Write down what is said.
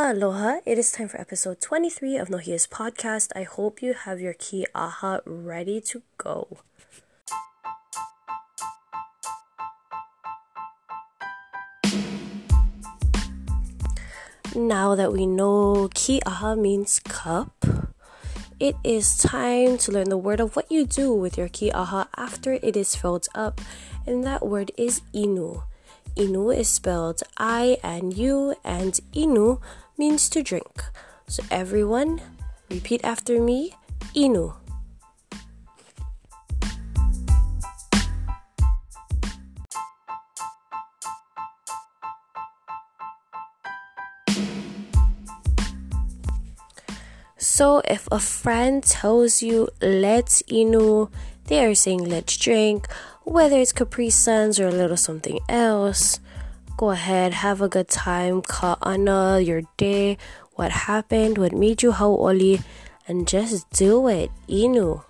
Aloha, it is time for episode 23 of Nohia's podcast. I hope you have your key aha ready to go. Now that we know ki aha means cup, it is time to learn the word of what you do with your ki aha after it is filled up, and that word is inu. Inu is spelled I N U, and inu means to drink. So everyone, repeat after me, inu. So if a friend tells you let's inu, they are saying let's drink, whether it's Capri Suns or a little something else go ahead, have a good time, kaana your day, what happened, what made you hauoli, and just do it. Inu.